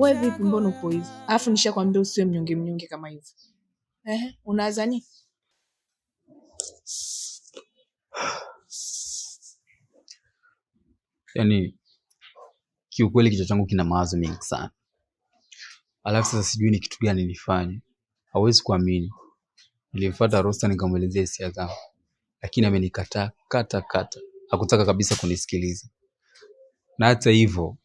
wewe vipi, mbona uko hivi Alafu nishakwambia usiwe mnyonge mnyonge kama hivo Ehe, unawaza nini? Yaani, kiukweli kichwa changu kina mawazo mengi sana, alafu sasa sijui ni kitu gani nifanye. Hawezi kuamini, nilimfuata Rosta nikamwelezea hisia zangu, lakini amenikataa kata kata, hakutaka kabisa kunisikiliza, na hata hivyo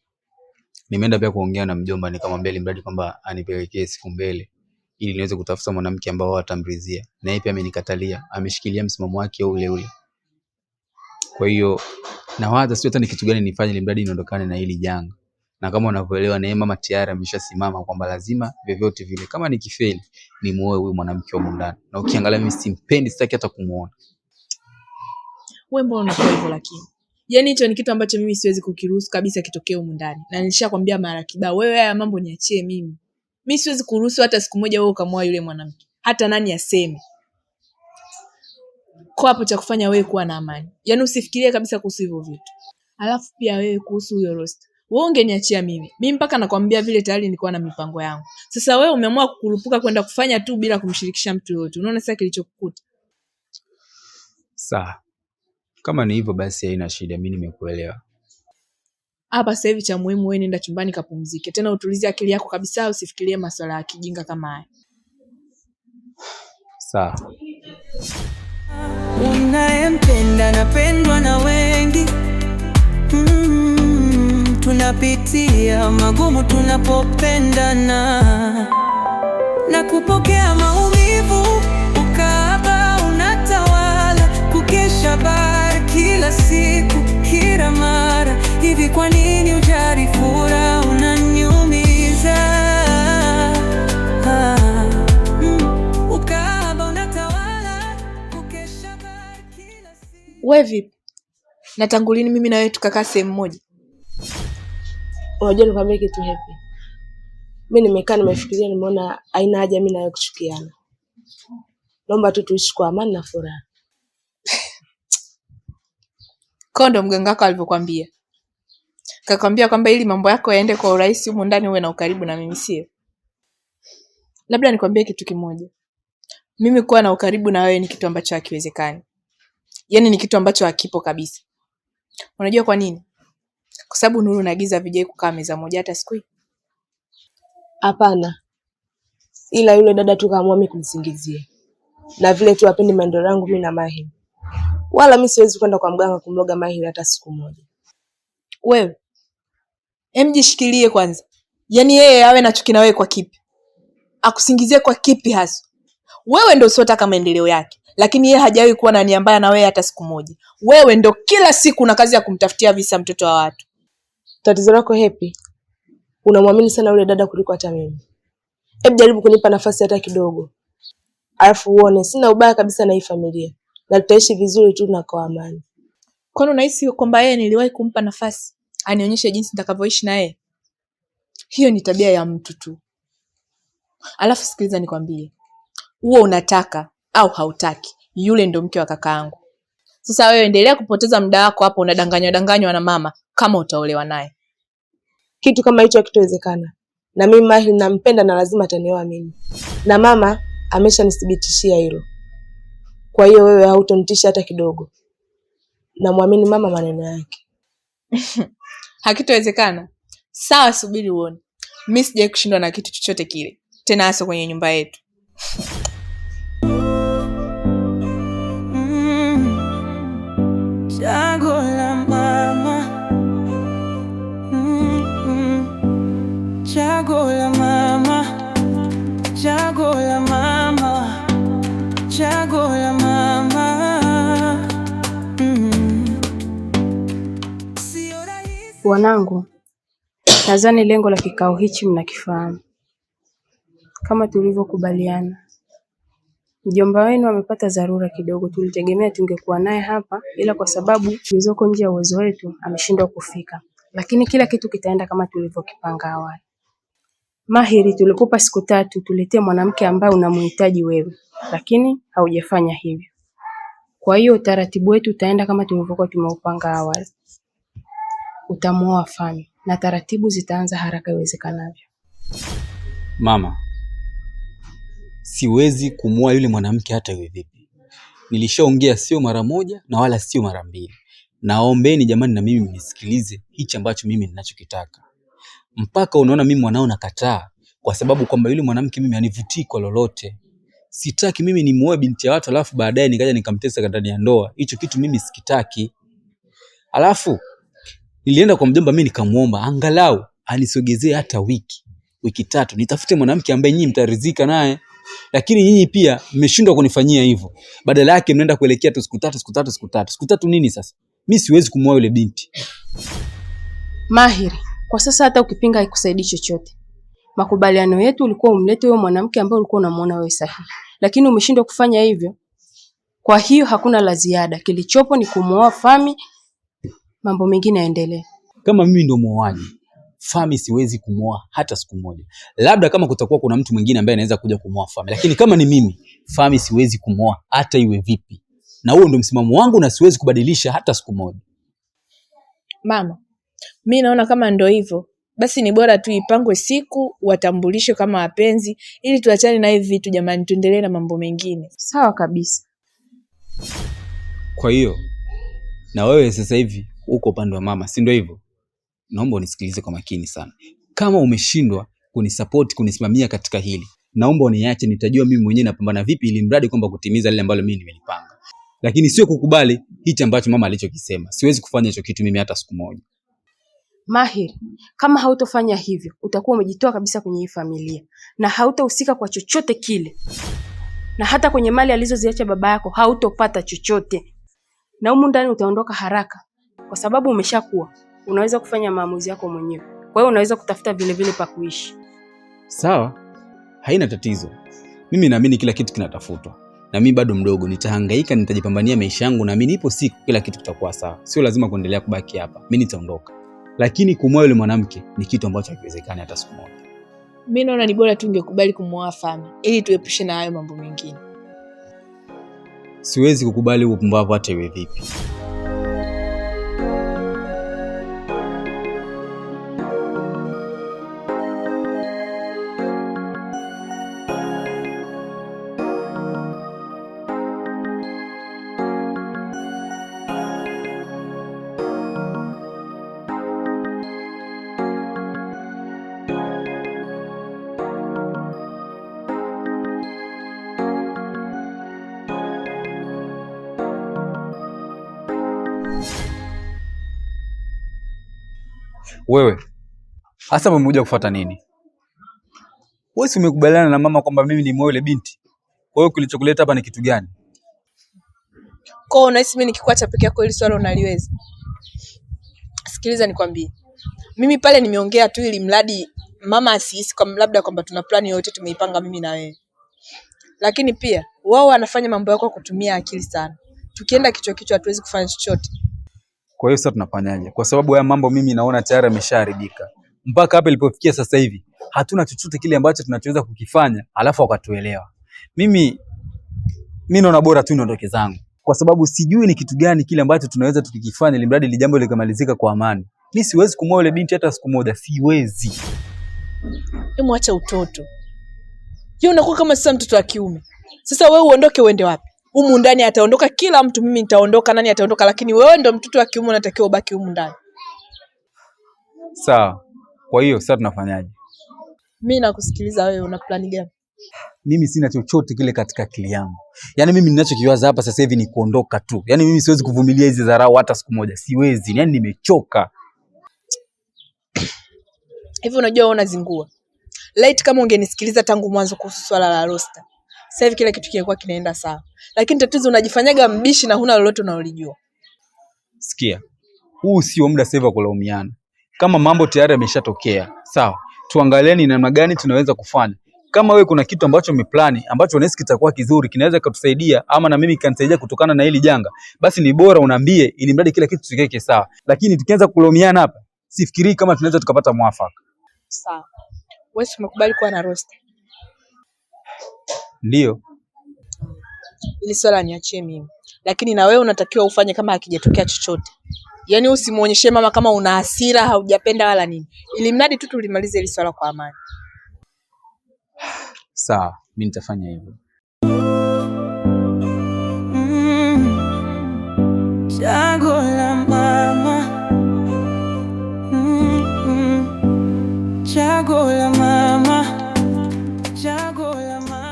Nimeenda pia kuongea na mjomba, nikamwambia ilimradi kwamba anipelekee siku mbele ili niweze kutafuta mwanamke ambao atamridhia. Na yeye pia amenikatalia, ameshikilia msimamo wake ule ule. Kwa hiyo nawaza sio hata ni kitu gani nifanye ilimradi niondokane na hili janga. Na kama unavyoelewa Neema mama tayari ameshasimama kwamba lazima vyovyote vile kama nikifeli nimuoe huyu mwanamke wa mundani. Na ukiangalia mimi simpendi, sitaki hata kumuona. Wewe mbona unakuwa hivyo lakini? yani hicho ni kitu ambacho mimi siwezi kukiruhusu kabisa kitokee humu ndani, na nilishakwambia mara kibao, wewe haya mambo niachie mimi. Mi siwezi kuruhusu hata siku moja wewe ukamwoa yule mwanamke, hata nani aseme ko hapo. Cha kufanya wewe kuwa na amani, yani usifikirie kabisa kuhusu hivyo vitu. Alafu pia wewe kuhusu huyo rost wewe ungeniachia mimi. Mimi mpaka nakwambia vile tayari nilikuwa na mipango yangu. Sasa wewe umeamua kukurupuka kwenda kufanya tu bila kumshirikisha mtu yoyote. Unaona sasa kilichokukuta. Sawa. Kama ni hivyo basi haina shida, mimi nimekuelewa. Hapa sasa hivi cha muhimu wewe nenda chumbani kapumzike. Tena utulize akili yako kabisa, usifikirie masuala ya kijinga kama haya. Sawa. Unayempenda napendwa na wengi. Mm, tunapitia magumu tunapopendana na kupokea maumivu Kwa nini ujali furaha unaniumiza? Ah, mm. ukaba unatawala, ukesha kila siku. vipi? Natangulini mimi na wewe tukakaa sehemu moja. Unajua nikwambia kitu hepi. Mimi nimekaa nimefikiria, nimeona aina haja mimi na wewe kuchukiana. Naomba tu tuishi kwa amani na furaha. Kondo mganga wako alivyokwambia. Kakwambia kwamba ili mambo yako yaende kwa urahisi humu ndani uwe na ukaribu na mimi, sio? Labda nikwambie kitu kimoja, mimi kuwa na ukaribu na wewe ni kitu ambacho hakiwezekani, yaani ni kitu ambacho hakipo kabisa. Unajua kwa nini? Kwa sababu nuru na giza havijai kukaa meza moja hata siku hii. Hapana, ila yule dada tu kaamua mimi kumsingizia, na vile tu apendi maendeleo yangu mimi na Mahiri, wala mimi siwezi kwenda kwa mganga kumloga Mahiri hata siku moja. Wewe Hem, yaani jishikilie kwanza, yaani yeye awe na chuki na wewe kwa kipi? Akusingizie kwa kipi hasa? Wewe ndo usiotaka maendeleo yake, lakini yeye hajawahi kuwa na nia mbaya na wewe hata siku moja. Wewe ndo kila siku na kazi ya kumtafutia visa mtoto wa watu. Tatizo lako hepi unamwamini sana yule dada kuliko hata mimi. Hebu jaribu kunipa nafasi hata kidogo, alafu uone sina ubaya kabisa na hii familia na tutaishi vizuri tu na kwa amani. Kwani unahisi kwamba yeye niliwahi kumpa nafasi? anionyeshe jinsi nitakavyoishi yeye. Hiyo ni tabia ya mtu tu. Alafu sikiliza nikwambie, huo unataka au hautaki, yule ndo mke wa kakaangu. Sasa wewe endelea kupoteza muda wako hapo, unadanganywa danganywa na mama kama utaolewa naye. Kitu kama hicho hakitowezekana. Na mimi Mahi nampenda na lazima atanioa mimi, na mama ameshanithibitishia hilo. Kwa hiyo wewe hautonitisha hata kidogo, namwamini mama maneno yake. Hakitowezekana. Sawa, subiri uone. Mi sijai kushindwa na kitu chochote kile, tena hasa kwenye nyumba yetu. Wanangu, nadhani lengo la kikao hichi mnakifahamu kama tulivyokubaliana. Mjomba wenu amepata dharura kidogo, tulitegemea tungekuwa naye hapa, ila kwa sababu zilizoko nje ya uwezo wetu ameshindwa kufika, lakini kila kitu kitaenda kama tulivyokipanga awali. Mahiri, tulikupa siku tatu tuletee mwanamke ambaye unamhitaji wewe, lakini haujafanya hivyo. Kwa hiyo utaratibu wetu utaenda kama tulivyokuwa tumeupanga awali utamuoa Fami na taratibu zitaanza haraka iwezekanavyo. Mama, siwezi kumwoa yule mwanamke hata iwe vipi. Nilishaongea sio mara moja na wala sio mara mbili. Naombeni jamani, na mimi mnisikilize hichi ambacho mimi ninachokitaka. Mpaka unaona mimi mwanao nakataa kwa sababu kwamba yule mwanamke mimi anivutii kwa lolote. Sitaki mimi nimuoe binti ya watu alafu baadaye nikaja nikamtesa ndani ya ndoa. Hicho kitu mimi sikitaki. Alafu nilienda kwa mjomba mimi nikamwomba angalau anisogezee hata wiki wiki tatu, nitafute mwanamke ambaye nyinyi mtaridhika naye. Lakini nyinyi pia mmeshindwa kunifanyia hivyo, badala yake mnaenda kuelekea tu siku tatu siku tatu siku tatu siku tatu. Nini sasa? Mimi siwezi kumwoa yule binti Mahiri Kwa sasa hata ukipinga haikusaidii chochote. Makubaliano yetu ulikuwa umlete huyo mwanamke ambaye ulikuwa unamuona wewe sahihi, lakini umeshindwa kufanya hivyo. Kwa hiyo hakuna la ziada, kilichopo ni kumwoa Fami mambo mengine yaendelee. Kama mimi ndio muoaji Fami siwezi kumoa hata siku moja, labda kama kutakuwa kuna mtu mwingine ambaye anaweza kuja kumoa Fami, lakini kama ni mimi, Fami siwezi kumoa hata iwe vipi, na huo ndio msimamo wangu na siwezi kubadilisha hata siku moja. Mama, mi naona kama ndo hivyo basi, ni bora tu ipangwe siku watambulishwe kama wapenzi, ili tuachane na hivi vitu jamani, tuendelee na mambo mengine. Sawa kabisa. Kwa hiyo na wewe sasa hivi uko upande wa mama, si ndio hivyo? Naomba unisikilize kwa makini sana. Kama umeshindwa kunisapoti, kunisimamia katika hili, naomba uniache, nitajua mimi mwenyewe napambana vipi, ili mradi kwamba kutimiza lile ambalo mimi nimelipanga, lakini sio kukubali hichi ambacho mama alichokisema. Siwezi kufanya hicho kitu mimi hata siku moja. Mahir, kama hautofanya hivyo utakuwa umejitoa kabisa kwenye hii familia na hautahusika kwa chochote kile, na hata kwenye mali alizoziacha baba yako hautopata chochote, na humu ndani utaondoka haraka kwa sababu umeshakuwa unaweza kufanya maamuzi yako mwenyewe. Kwa hiyo unaweza kutafuta vilevile pa kuishi. Sawa, haina tatizo. Mimi naamini kila kitu kinatafutwa, na mimi bado mdogo, nitahangaika, nitajipambania maisha yangu, naamini ipo siku kila kitu kitakuwa sawa. Sio lazima kuendelea kubaki hapa, mimi nitaondoka, lakini kumwoa yule mwanamke ni kitu ambacho hakiwezekani hata siku moja. Mimi naona ni bora tu ungekubali kumwoa Fami ili tuepushe na hayo mambo mengine. Siwezi kukubali upumbavu hata iwe vipi. Wewe hasa umekuja kufuata nini? Wewe si umekubaliana na mama kwamba mimi ni muoe yule binti? Kwa hiyo kilichokuleta hapa ni kitu gani? Kwa hiyo unahisi mimi nikikuacha peke yako ili swala unaliweza? Sikiliza nikwambie, mimi pale nimeongea tu ili mradi mama asihisi kwa labda kwamba tuna plani yoyote tumeipanga mimi na wewe, lakini pia wao wanafanya mambo yako kutumia akili sana. Tukienda kichwa kichwa, hatuwezi kufanya chochote. Kwa hiyo sasa tunafanyaje? Kwa sababu haya mambo mimi naona tayari yameshaharibika. Mpaka hapa ilipofikia sasa hivi hatuna chochote kile ambacho tunachoweza kukifanya, alafu wakatuelewa. Mimi mimi naona bora tu niondoke zangu, kwa sababu sijui ni kitu gani kile ambacho tunaweza tukikifanya, ili mradi lijambo likamalizika kwa amani. Mi siwezi kumwoa ile binti hata siku moja, siwezi. Mwacha utoto, unakuwa kama sasa mtoto wa kiume. Sasa wewe uondoke uende wapi? humu ndani ataondoka kila mtu, mimi nitaondoka, nani ataondoka, lakini wewe ndo mtoto wa kiume unatakiwa ubaki humu ndani. Sawa. Kwa hiyo sasa tunafanyaje? Mimi nakusikiliza wewe, una plani gani? Mimi sina chochote kile katika akili yangu. Yaani mimi ninachokiwaza hapa sasa hivi ni kuondoka tu. Yaani mimi siwezi kuvumilia hizi dharau hata siku moja, siwezi. Yaani nimechoka. Hivi unajua unazingua. Laiti kama ungenisikiliza tangu mwanzo kuhusu swala la roster sasa hivi kila kitu kilikuwa kinaenda sawa, lakini tatizo unajifanyaga mbishi na huna lolote unalojua. Sikia, huu sio muda sasa wa kulaumiana. Kama mambo tayari yameshatokea, sawa, tuangalie ni namna gani tunaweza kufanya. Kama wewe kuna kitu ambacho umeplani ambacho unahisi kitakuwa kizuri, kinaweza kutusaidia ama na mimi kanisaidia kutokana na hili janga, basi ni bora unaambie, ili mradi kila kitu kiweke sawa. Lakini tukianza kulaumiana hapa, sifikiri kama tunaweza tukapata mwafaka. Sawa, wewe umekubali kuwa na roster ndio. Ili swala niachie mimi, lakini na wewe unatakiwa ufanye kama akijatokea chochote. Yaani usimuonyeshe mama kama una hasira, haujapenda wala nini, ili mradi tu tulimalize hili swala kwa amani. Sawa, mimi nitafanya hivyo. Mm,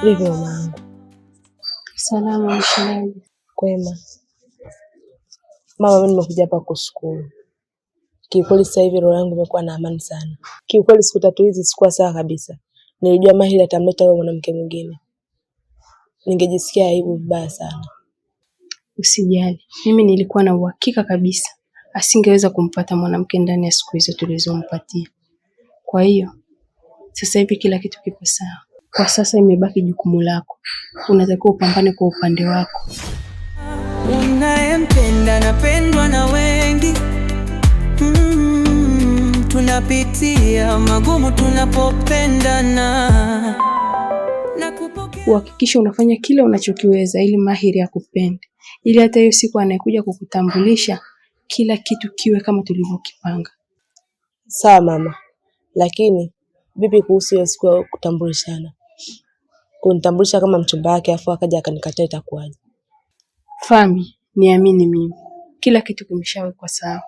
Vipi mamaangu? Salama. Mshinaji kwema. Mama, mimi nimekuja hapa kushukuru. Kiukweli sasa hivi roho yangu imekuwa na amani sana. Kiukweli siku tatu hizi sikuwa sawa kabisa. Nilijua Mahili atamleta huyo mwanamke mwingine, ningejisikia aibu vibaya sana. Usijali, mimi nilikuwa na uhakika kabisa asingeweza kumpata mwanamke ndani ya siku hizo tulizompatia. Kwa hiyo sasa hivi kila kitu kipo sawa. Kwa sasa imebaki jukumu lako, unatakiwa upambane kwa upande wako. Unayempenda napendwa na wengi mm, tunapitia magumu tunapopendana. Uhakikisha unafanya kile unachokiweza ili Mahiri akupende, ili hata hiyo siku anayekuja kukutambulisha kila kitu kiwe kama tulivyokipanga. Sawa mama, lakini vipi kuhusu hiyo siku ya kutambulishana? kunitambulisha kama mchumba wake afu akaja akanikataa itakuwaje? Fami, niamini mimi, kila kitu kimeshawekwa sawa,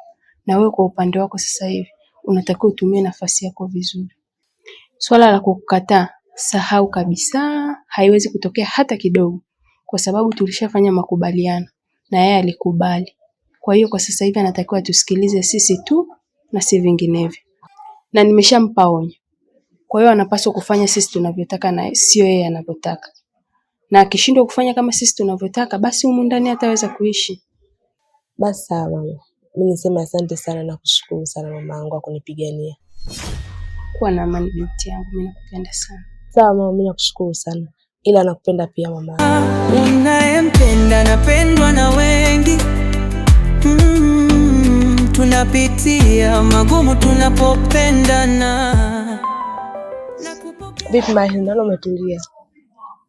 na wewe kwa upande wako sasa hivi unatakiwa utumie nafasi yako vizuri. Swala la kukukataa sahau kabisa, haiwezi kutokea hata kidogo, kwa sababu tulishafanya makubaliano na yeye alikubali. Kwa hiyo kwa sasa hivi anatakiwa tusikilize sisi tu na si vinginevyo, na nimeshampa onyo kwa hiyo anapaswa kufanya sisi tunavyotaka na sio yeye anavyotaka, na akishindwa kufanya kama sisi tunavyotaka, basi humu ndani hataweza kuishi. Basi sawa mama, mimi niseme asante sana na kushukuru sana mama yangu kwa kunipigania. Kuwa na amani binti yangu, mimi nakupenda sana. Sawa mama, mimi nakushukuru sana ila nakupenda pia mama. Unayempenda napendwa na wengi mm, tunapitia magumu tunapopendana. Vipi Mathi, nalo umetulia,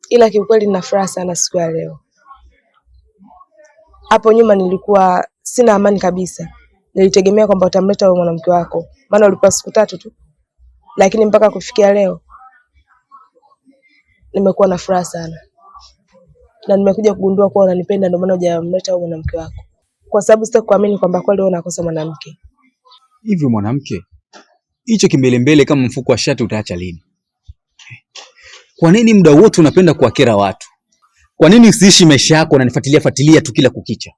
ila kiukweli nina furaha sana siku ya leo. Hapo nyuma nilikuwa sina amani kabisa, nilitegemea kwamba utamleta wewe mwanamke wako, maana ulikuwa siku tatu tu, lakini mpaka kufikia leo nimekuwa na furaha sana, na nimekuja kugundua kuwa unanipenda, ndio maana hujamleta wewe mwanamke wako, kwa sababu kuamini kwamba kweli wewe unakosa mwanamke. Hivyo mwanamke, hicho kimbelembele kama mfuko wa shati utaacha lini? Kwa nini muda wote unapenda kuwakera watu? Kwa nini usiishi maisha yako na nifuatilia fuatilia tu kila kukicha?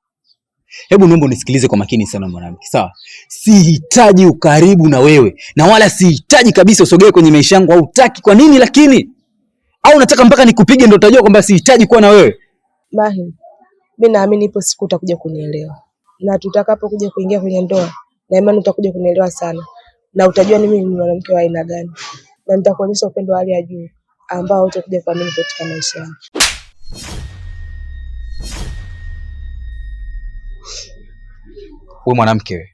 Hebu niombe unisikilize kwa makini sana mwanamke, sawa? Sihitaji ukaribu na wewe na wala sihitaji kabisa usogee kwenye maisha yangu. au utaki. Kwa nini lakini? Au unataka mpaka nikupige ndio utajua kwamba sihitaji kuwa na wewe? Mahi, mimi naamini ipo siku utakuja kunielewa, na tutakapokuja kuingia kwenye ndoa, na imani utakuja kunielewa sana, na utajua mimi ni mwanamke wa aina gani, na nitakuonyesha upendo wa hali ya juu ambao utakuja kuamini katika maisha yako. We mwanamke we,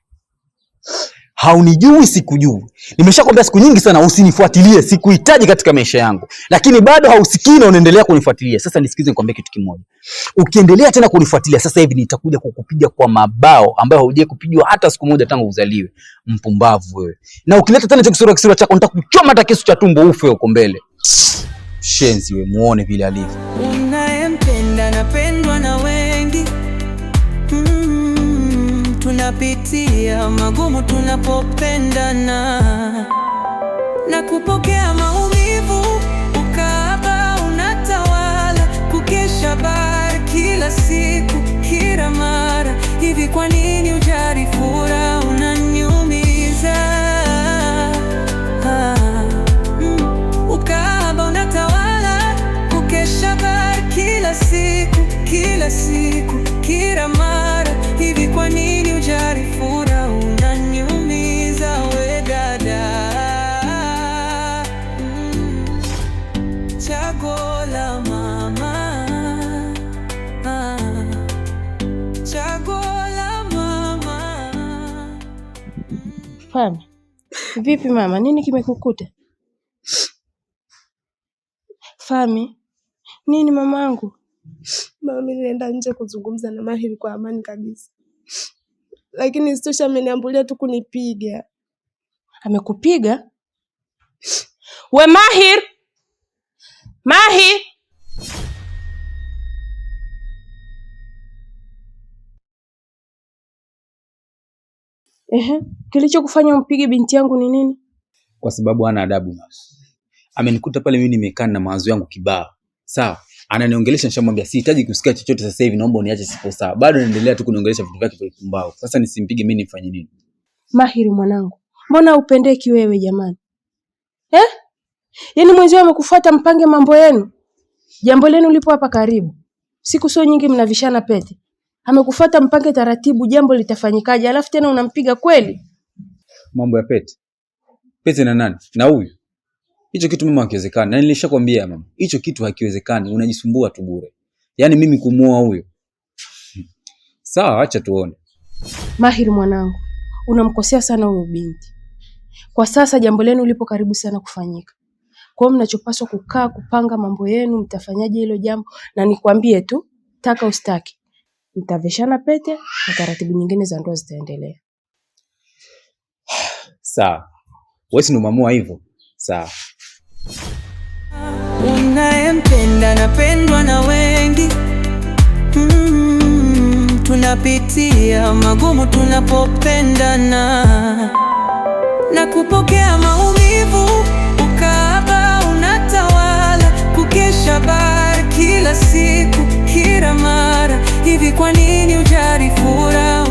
haunijui sikujui. Nimeshakwambia siku nyingi sana usinifuatilie, sikuhitaji katika maisha yangu, lakini bado hausikii na unaendelea kunifuatilia. Sasa nisikize, nikwambie kitu kimoja, ukiendelea tena kunifuatilia sasa hivi nitakuja kukupiga kwa mabao ambayo haujawahi kupigwa hata siku moja tangu uzaliwe. Mpumbavu wewe! Na ukileta tena kisura kisura chako nitakuchoma hata kisu cha tumbo ufe huko mbele. Shenzi we muone vile alivyo. Unayempenda napendwa na wengi mm, tunapitia magumu tunapopendana na kupokea maua Hapana. Vipi mama, nini kimekukuta? Fami, nini mamangu? Mama, mimi nilienda nje kuzungumza na mahir kwa amani kabisa, lakini stosha ameniambulia tu kunipiga. Amekupiga? We Mahir, Mahir! Ehe, kilichokufanya umpige binti yangu ni nini? Kwa sababu hana adabu. Amenikuta pale mimi nimekaa na mawazo yangu kibao, sawa? Ananiongelesha, nishamwambia sihitaji kusikia chochote sasa hivi, naomba uniache, sipo sawa. Bado anaendelea tu kuniongelesha vitu vyake vya kumbao. Sasa nisimpige mimi, nifanye nini? Mahiri mwanangu, mbona upendeki wewe jamani eh? Yaani mwenzio amekufuata, mpange mambo yenu, jambo lenu lipo hapa karibu, siku sio nyingi mnavishana pete amekufuata mpange taratibu, jambo litafanyikaje? Alafu tena unampiga kweli? Mambo ya pete pete na nani na huyu, hicho kitu mama hakiwezekani, na nilishakwambia mama, hicho kitu hakiwezekani, unajisumbua tu bure. Yaani mimi kumuoa huyo, sawa, acha tuone. Mahiri mwanangu, unamkosea sana huyo binti. Kwa sasa jambo lenu lipo karibu sana kufanyika, kwa hiyo mnachopaswa kukaa kupanga mambo yenu, mtafanyaje hilo jambo, na nikwambie tu, taka ustaki mtavishana pete na taratibu nyingine za ndoa zitaendelea. Sawa, wewe si umeamua hivyo? Sawa. Unayempenda napendwa na wengi mm, tunapitia magumu tunapopendana na kupokea maumivu, ukaba unatawala kukesha baa kila siku, kila mara hivi, kwa nini ujari furaha?